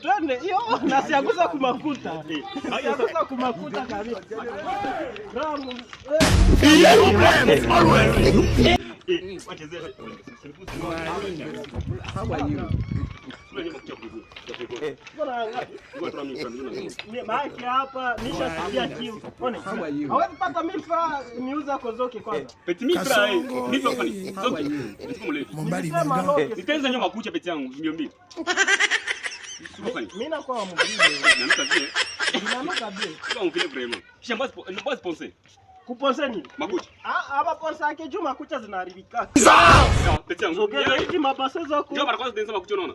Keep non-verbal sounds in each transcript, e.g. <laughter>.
Twende hiyo na kumakuta kumakuta kabisa. Maake hapa nishasikia kiu. Hawezi pata mifa niuza kozoki kwanza. Peti mifa mifa kwa zoki. Mbali mbali. Nitenza nyama kucha peti yangu ndio mimi. Mimi na kwa mbili. Na mta vile. Na mta vile. Kwa vile vraiment. Shamba mbwa sponsor. Kuponsa nini? Makucha. Ah, hapa ponsa yake juu makucha zinaharibika. Sawa. Peti yangu. Zoki hizi mabasezo kwa. Ndio mara kwanza ndenza makucha unaona.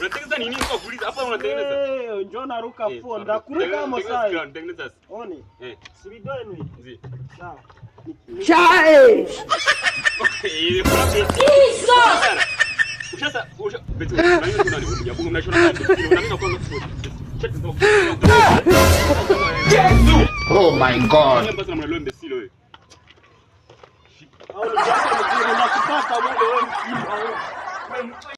Unatengeneza nini sio kuuliza? Hapa unatengeneza. Eh, njoo na eh, fuo. Ndakuruka kama sai. Unatengeneza. Oni. Eh. Si vidole ni. Zi. Sawa. Shae. <laughs> Kiso. Oh my god.